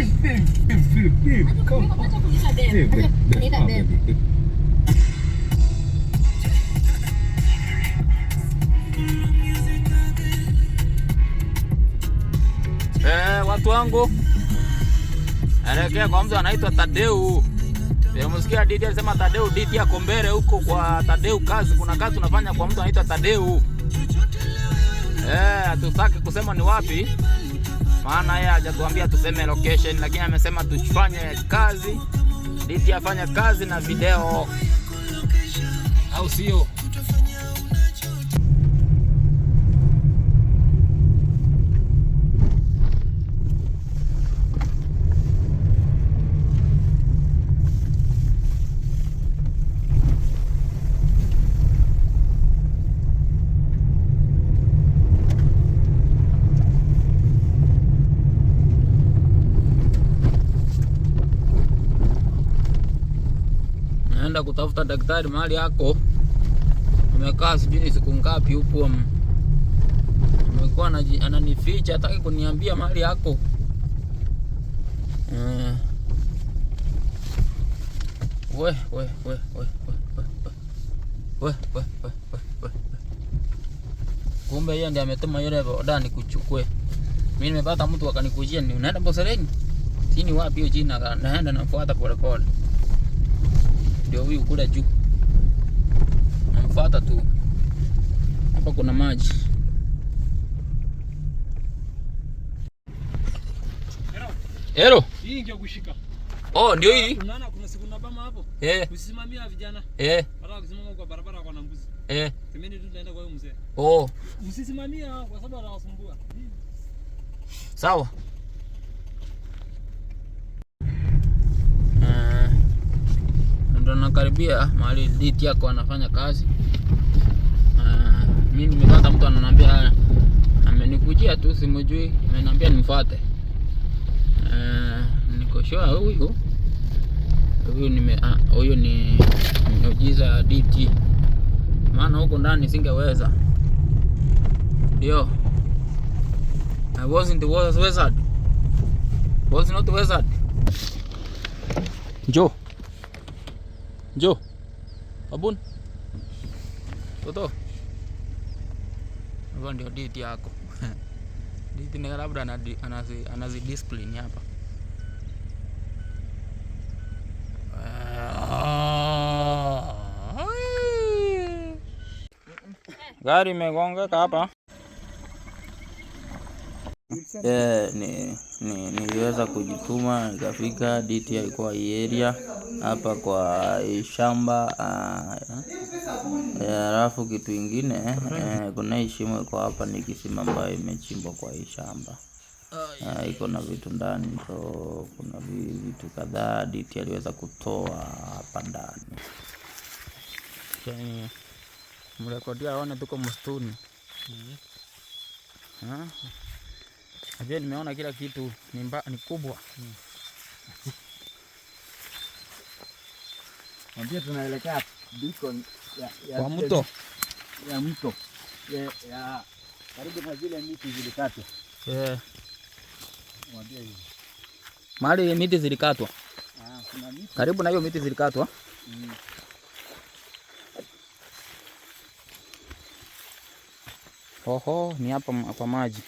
Eh, watu wangu elekea kwa mtu anaitwa Tadeu. Nimesikia eh, Didi alisema Tadeu Didi yako mbele huko kwa Tadeu kazi. Kuna kazi unafanya kwa mtu anaitwa Tadeu. Eh, hatutaki kusema ni wapi maana yeye hajatuambia tuseme location, lakini amesema tufanye kazi. Diti afanya kazi na video, au sio? naenda kutafuta daktari mahali yako, amekaa sijui ni siku ngapi huko, amekuwa ananificha, hataki kuniambia mahali yako eh. We, we, we, we, we, we, we, Kumbe hiyo ndiye ametuma yule boda nikuchukue mimi. Nimepata mtu akanikujia, ni unaenda Bosereni sini wapi? Hiyo jina naenda nafuata polepole ndio huyu kule juu, namfuata tu. Hapa kuna maji Hello. Hii ndio Oh, ndio hii. Unaona kuna siku na bama hapo. Eh. Yeah. Usimamia vijana. Eh. Yeah. Bora kusimama kwa barabara kwa nambuzi. Eh. Yeah. Temeni tu naenda kwa huyo mzee. Oh. Usisimamia kwa sababu anawasumbua. Sawa. nakaribia mahali date yako anafanya kazi. mimi nimepata mtu ananiambia amenikujia tu, simujui, ameniambia nimfuate. Uh, nikoshoa huyu huyu nime ah, huyu ni miujiza DT, maana huko ndani singeweza. Ndio, I wasn't the wizard, was not wizard. Njoo Njoo. abun Toto. Hivyo ndio diti yako. Diti ni labda anazi, anazi discipline hapa. Ah. Gari imegongeka hapa. Eh, niliweza kujituma, nikafika, diti alikuwa hii area, hapa kwa hii shamba. Halafu ah, eh, kitu ingine, eh, kuna hii shimo iko hapa, ni kisima ambayo imechimbwa kwa hii shamba, ah, iko na vitu ndani, so kuna vitu kadhaa diti aliweza kutoa hapa ndani. Mrekodia aone tuko huh? Hmm? Hmm? Navyo nimeona kila kitu ni, mba, ni kubwa hmm. Mwambie tunaelekea Bikon ya, ya kwa mto ya mto ya, ya karibu na zile miti zilikatwa yeah. Mwambie hivi mahali miti zilikatwa ah, karibu na hiyo miti zilikatwa mm. Oho, ni hapa kwa maji.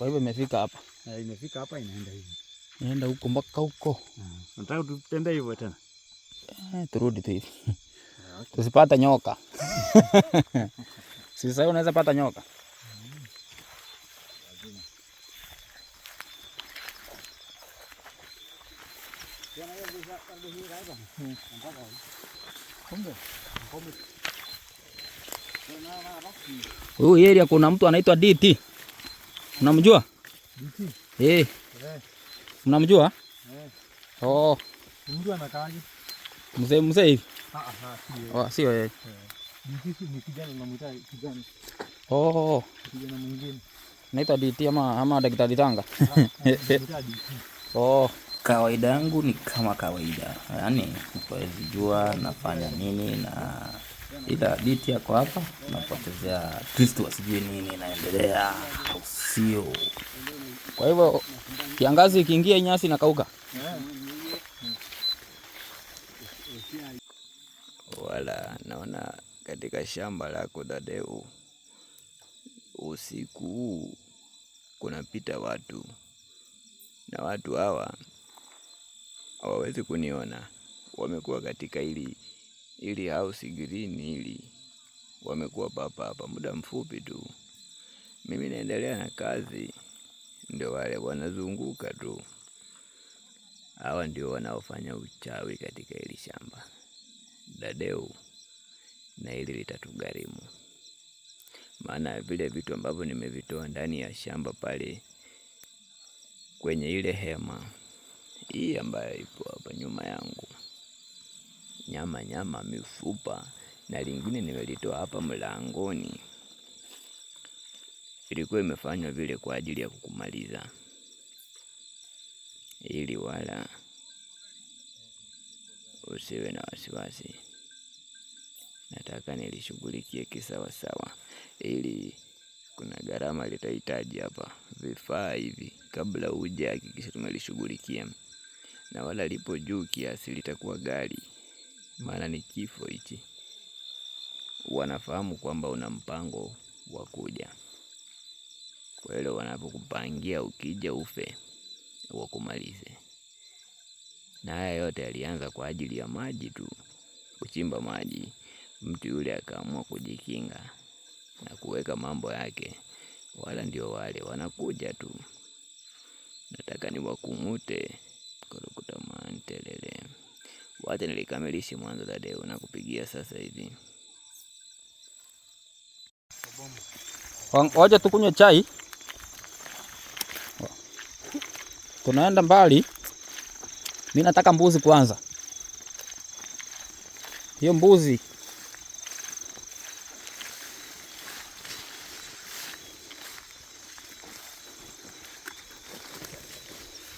Kwa hivyo imefika hapa, eh, imefika hapa, inaenda hivi, inaenda huko mpaka huko. Ah, nataka tutende hivyo tena, eh, turudi tu hivi, tusipata nyoka. Si sasa unaweza pata nyoka. Huyu area kuna mtu anaitwa DT. Unamjua? Eh. Eh. Unamjua? Eh. Oh. Unamjua na anakaaje? Mzee mzee hivi. Ah ah, sio yeye. Oh, si yeye. Eh. Ni kijana namwita kijana. Oh. Kijana mwingine. Naitwa DT ama ama daktari Tanga. Ah, ah, oh. Kawaida yangu ni kama kawaida, yaani huwezi jua nafanya nini na ila biti yako hapa napotezea Kristo asijue nini inaendelea, sio? Kwa hivyo kiangazi ikiingia, nyasi inakauka wala. Naona katika shamba lako dadeu usiku huu kunapita watu na watu hawa hawawezi kuniona, wamekuwa katika hili ili house green ili wamekuwa papa hapa muda mfupi tu. Mimi naendelea na kazi, ndio wale wanazunguka tu. Hawa ndio wanaofanya uchawi katika hili shamba dadeu, na hili litatugharimu, maana vile vitu ambavyo nimevitoa ndani ya shamba pale kwenye ile hema hii ambayo ipo hapa nyuma yangu nyama nyama, mifupa na lingine nimelitoa hapa mlangoni. Ilikuwa imefanywa vile kwa ajili ya kukumaliza, ili wala usiwe na wasiwasi. Nataka nilishughulikie kisawasawa, ili kuna gharama litahitaji hapa vifaa hivi. Kabla uje, hakikisha tumelishughulikia, na wala lipo juu kiasi, litakuwa gari maana ni kifo hichi, wanafahamu kwamba una mpango wa kuja. Kwa hiyo wanapokupangia ukija ufe, wakumalize. Na haya yote yalianza kwa ajili ya maji tu, kuchimba maji. Mtu yule akaamua kujikinga na kuweka mambo yake, wala ndio wale wanakuja tu, nataka niwakumute kolokuta mantelele Wacha nilikamilishe mwanzo la deo na kupigia sasa hivi. Wacha tukunywe chai, tunaenda mbali. Mimi nataka mbuzi kwanza, hiyo mbuzi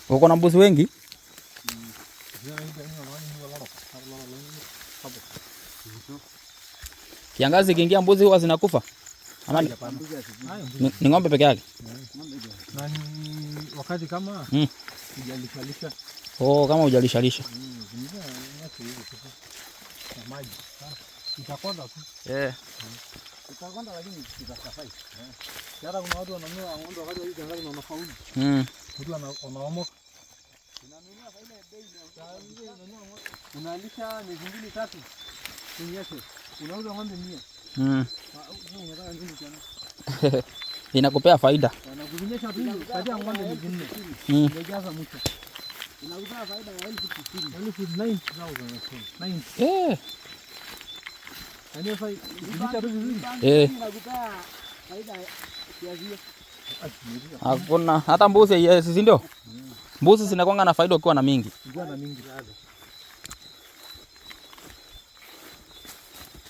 uko na mbuzi wengi? Kiangazi kiingia mbuzi huwa zinakufa. Ama ni ng'ombe peke yake? wakati kama hmm. hujalishalisha. Oh, kama hujalishalisha. Hmm, ah, eh. eh. hmm. Unalisha miezi mbili tatu unauza ng'ombe Mm. Inakupea faida. Hakuna hata mbuzi, eh, si ndio? Mbuzi zinakwanga na faida ukiwa na mingi.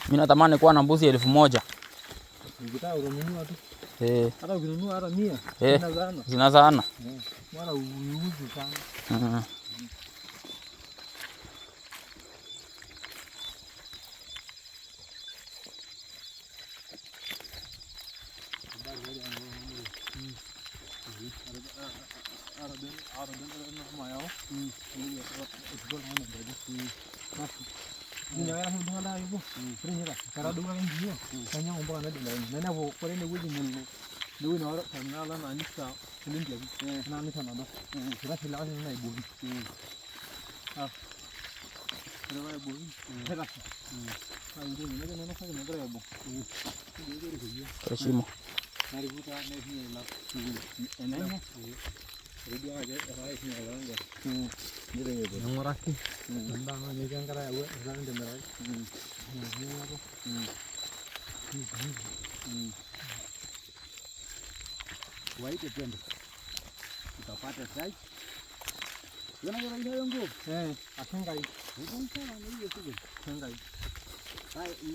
Mimi natamani kuwa na mbuzi elfu moja. Ukitaka unanunua tu. Eh. Hata ukinunua hata 100 eh. zinazaana. Zinazaana. Mara eh. uuze sana. Mhm. Ore etadouo ake nkiyo nainyiang'u mpuka naidong'i nainepu ore enewueji nelo inewueji naoro tenaalo naa nusu olenkiapi enaa nusu enado itashe ele kashe nalo aiboki basi ore paalo aiboki naitashe pakintoki najo nainosaki megira aibung ejo kerikoki narripu taa neishunye ilat enenya. ഞങ്ങറാക്കി എന്താണ് നീക്കാൻകര ഉദാഹരണം വൈറ്റ് എത്തിയുണ്ട് തപ്പാറ്റ ചായ് ഇവനൊക്കെ വൈകുന്നേരമ്പോ ഏ അച്ഛൻ കഴി അച്ഛൻ കഴി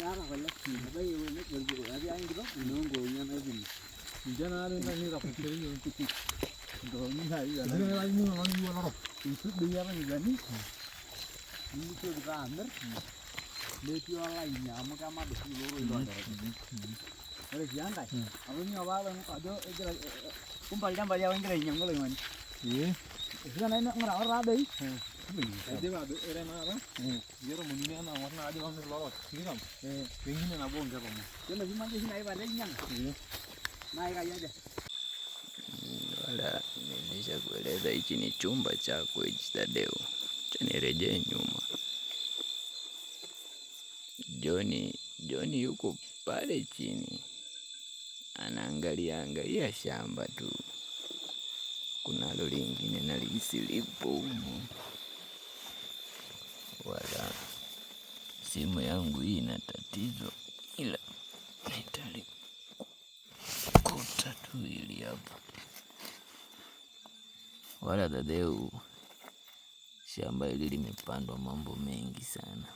ഞാറ വല്ല അതായത് ഇന്നും കോഴിഞ്ഞാൽ ഇഞ്ചനാലും തന്നെ തപ്പിച്ചു nitoki taa amirr metii olaini amu kemadisho ilo rooi ore sii enkae atoning'o apa ajo egira kumbe ilchambai apa ingira ainyiang'u oloing'oni esidai naa ng'ura ore taa dei aidipa ajo ore enakata inkeek tomon uni enaa ng'or naa kajo kamirr ilorok tikitam peng'ine nabo onkeek tomon yiolo piimany oshi naipa te kinyiang'a naa ikai aja kueleza hichi ni chumba chako hichi, Tadeu, chanirejee nyuma. Joni, Joni yuko pale chini anaangalia angalia shamba tu, kunalo lingine nalihisi lipo humo. Wala simu yangu hii ina tatizo, ila nitalikuta tu ili hapo wala dhadheu Shamba hili limepandwa mambo mengi sana,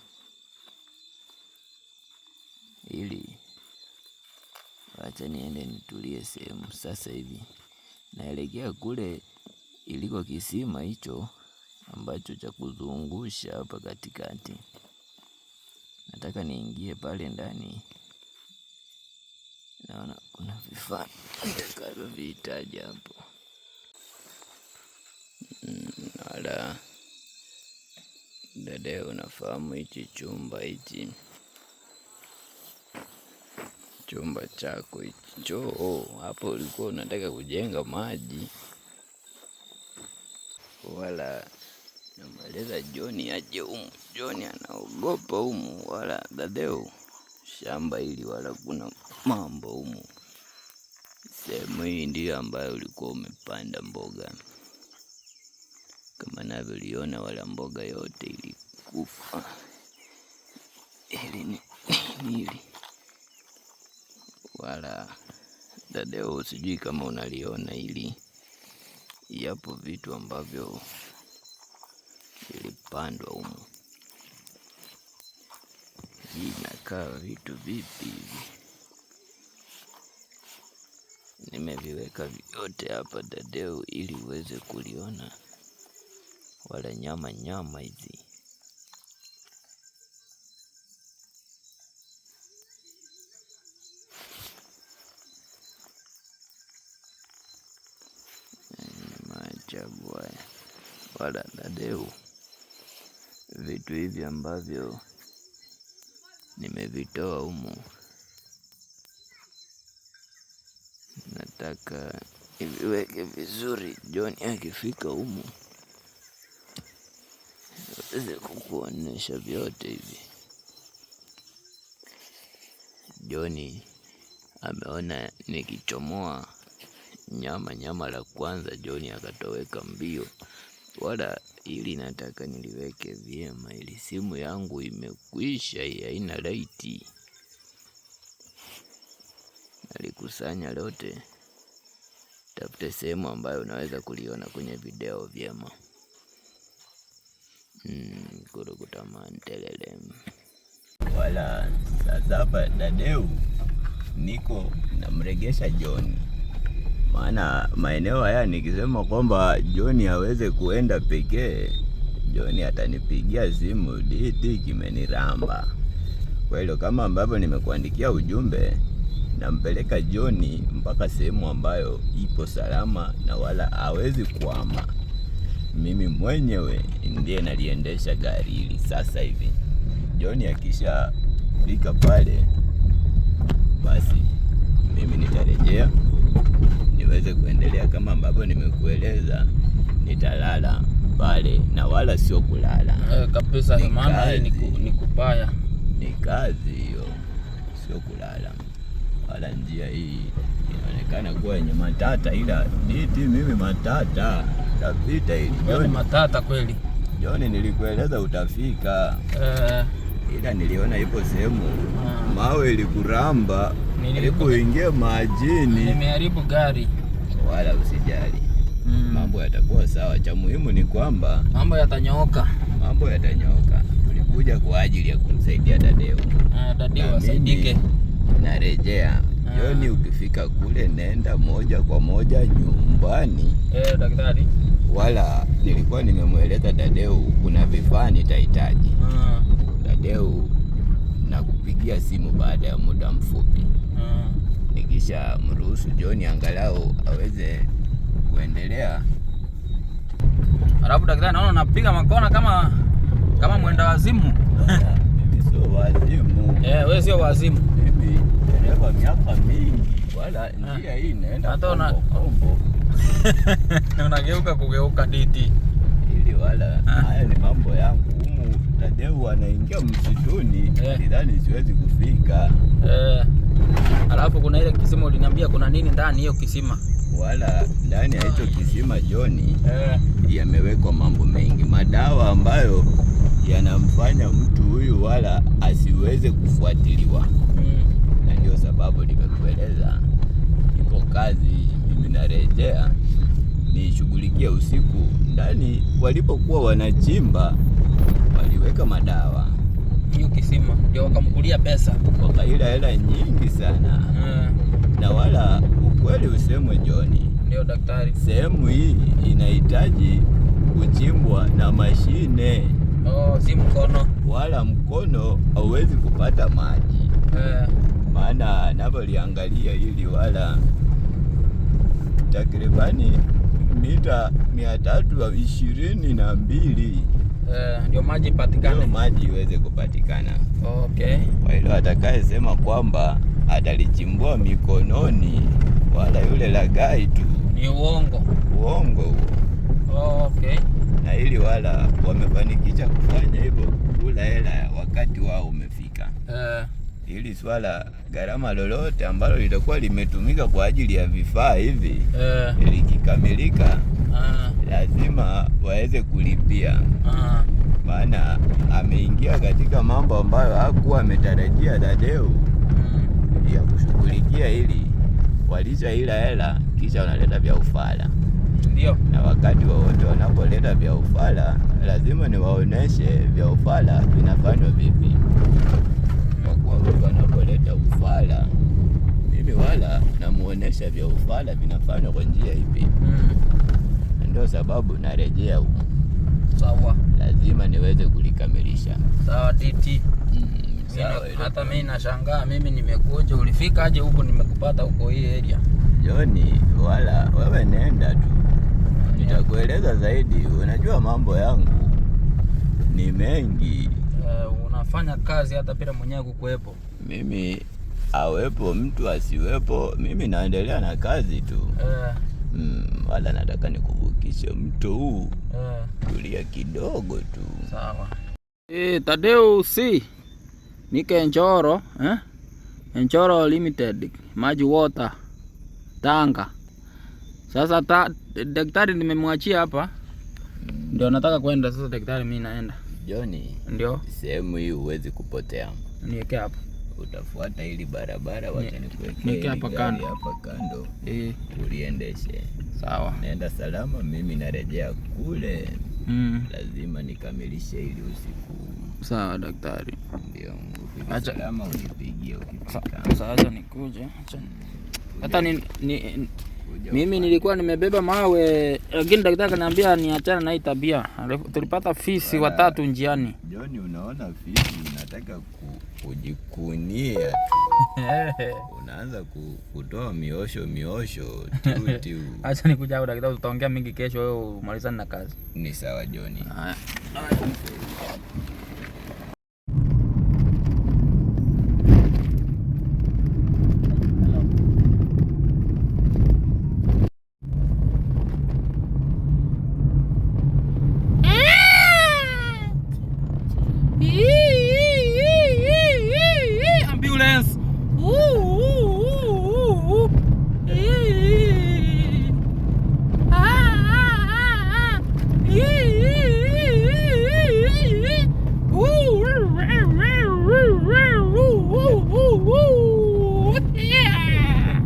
ili wacha niende nitulie sehemu. Sasa hivi naelekea kule iliko kisima hicho ambacho cha kuzungusha hapa katikati. Nataka niingie pale ndani, naona kuna vifaa nitakavyohitaji hapo. la dada, unafahamu hichi chumba hichi chumba chako hichi, njoo hapo. Ulikuwa unataka kujenga maji, wala namaliza Joni aje humu. Joni anaogopa humu, wala dadeu, shamba hili wala kuna mambo humu. Sehemu hii ndiyo ambayo ulikuwa umepanda mboga kama navyoliona, wala mboga yote ilikufa. Hili ni hili wala dadeo, sijui kama unaliona hili. Yapo vitu ambavyo vilipandwa humu. Hii inakaa vitu vipi hivi? Nimeviweka vyote hapa dadeo, ili uweze kuliona wala nyama nyama hizi. Maajabu wala nadeu vitu hivi ambavyo nimevitoa humu nataka iviweke vizuri, Joni akifika humu kukuonesha vyote hivi. Joni ameona nikichomoa nyama nyama la kwanza, Joni akatoweka mbio. Wala ili nataka niliweke vyema, ili simu yangu imekwisha, hii haina laiti. Nalikusanya lote, tafute sehemu ambayo unaweza kuliona kwenye video vyema. Hmm, kurukuta mantelele. Wala sasa hapa Dadeu niko namregesha John, maana maeneo haya nikisema kwamba John aweze kuenda pekee, John atanipigia simu diti kimeniramba. Kwa hilo kama ambavyo nimekuandikia ujumbe, nampeleka John mpaka sehemu ambayo ipo salama na wala hawezi kuama mimi mwenyewe ndiye naliendesha gari hili sasa hivi. John akishafika pale, basi mimi nitarejea niweze kuendelea kama ambavyo nimekueleza. Nitalala pale na wala sio kulala e, kabisa. Maana hii ni kubaya, ni kazi hiyo, sio kulala wala. Njia hii inaonekana kuwa yenye matata, ila niti mimi matata utapita hivi. John. Matata kweli John, nilikueleza utafika eh. Ila niliona ipo sehemu ah. Mawe ilikuramba ilipoingia majini, nimeharibu gari. Wala usijali mm. Mambo yatakuwa sawa, cha muhimu ni kwamba mambo yatanyooka, mambo yatanyooka. Tulikuja kwa ajili ya kumsaidia Tadeo. Ah, Tadeo asaidike. Narejea ah. Joni, ukifika kule nenda moja kwa moja nyumbani. Eh, daktari wala nilikuwa nimemweleza Dadeu kuna vifaa nitahitaji. Ah. Dadeu nakupigia simu baada ya muda mfupi, ah. nikisha mruhusu John angalau aweze kuendelea. Alafu daktari, naona napiga makona kama kama mwenda wazimu. Mimi sio wazimu. Eh, wewe sio wazimu. Mimi ndio miaka mingi, wala ah. njia hii inaenda kombo kombo unageuka kugeuka diti ili wala. Ah. Haya ni mambo yangu humu. Tadeu anaingia msituni, nidhani eh, siwezi kufika eh. Alafu kuna ile kisima uliniambia kuna nini ndani hiyo kisima? Wala ndani ya hicho kisima Joni, eh, yamewekwa mambo mengi, madawa ambayo yanamfanya mtu huyu wala asiweze kufuatiliwa, hmm. na ndio sababu nimekueleza ipo kazi vinarejea nishughulikia usiku. Ndani walipokuwa wanachimba waliweka madawa hiyo kisima, ndio wakamkulia pesa, wakaila hela nyingi sana yeah. Na wala ukweli usemwe, Joni, ndio daktari, sehemu hii inahitaji kuchimbwa na mashine oh, si mkono, wala mkono hauwezi kupata maji yeah. Maana anavyoliangalia hili wala takribani mita mia tatu ishirini na mbili eh, ndio maji patikane, maji iweze kupatikana. Okay. Kwa hilo atakayesema kwamba atalichimbua mikononi wala yule lagai tu ni uongo, uongo huo. Okay. Na ili wala wamefanikisha kufanya hivyo, kula hela wakati wao umefika. Uh hili swala gharama lolote ambalo litakuwa limetumika kwa ajili ya vifaa hivi yeah. likikamilika uh lazima waweze kulipia uh maana ameingia katika mambo ambayo hakuwa ametarajia dadeu mm. ya kushughulikia ili walisha ila hela kisha wanaleta vya ufala ndio. na wakati wowote wanapoleta vya ufala lazima niwaoneshe vya ufala vinafanywa vipi ndipo panapoleta ufala. Mimi wala namuonesha vya ufala vinafanywa kwa njia ipi. Mm. Ndio sababu narejea huko. Sawa, lazima niweze kulikamilisha. Sawa Titi. Mm. Sawa, hata mimi nashangaa, mimi nimekuja, ulifika aje huko? Nimekupata huko hii area Joni, wala wewe nenda tu, nitakueleza zaidi. Unajua mambo yangu ni mengi kufanya kazi hata bila mwenyewe kukuwepo. Mimi awepo mtu asiwepo, mimi naendelea na kazi tu eh. Mm, wala nataka nikuvukishe mto huu eh. Tulia kidogo tu sawa. E, eh, Tadeu si nike Njoro eh? Njoro Limited maji water Tanga. Sasa ta, daktari nimemwachia hapa, mm. ndio nataka kwenda sasa. Daktari mimi naenda Joni, ndio sehemu hii huwezi kupotea. Niweke hapo, utafuata ili barabara, wacha nikuweke hapa kando, hapa e. kando eh, uliendeshe. Sawa, naenda salama, mimi narejea kule. Mm. Lazima nikamilishe ili usiku. Sawa daktari, ndio acha kama unipigie ukifika. Sasa nikuje, acha hata ni mimi nilikuwa nimebeba mawe, lakini daktari kaniambia niachane na hii tabia. Tulipata fisi watatu njiani. Joni, unaona fisi unataka kujikunia Unaanza kutoa miosho miosho tu tu. Acha nikuja daktari, tutaongea mingi kesho, wewe umalizane na kazi. Ni sawa Joni.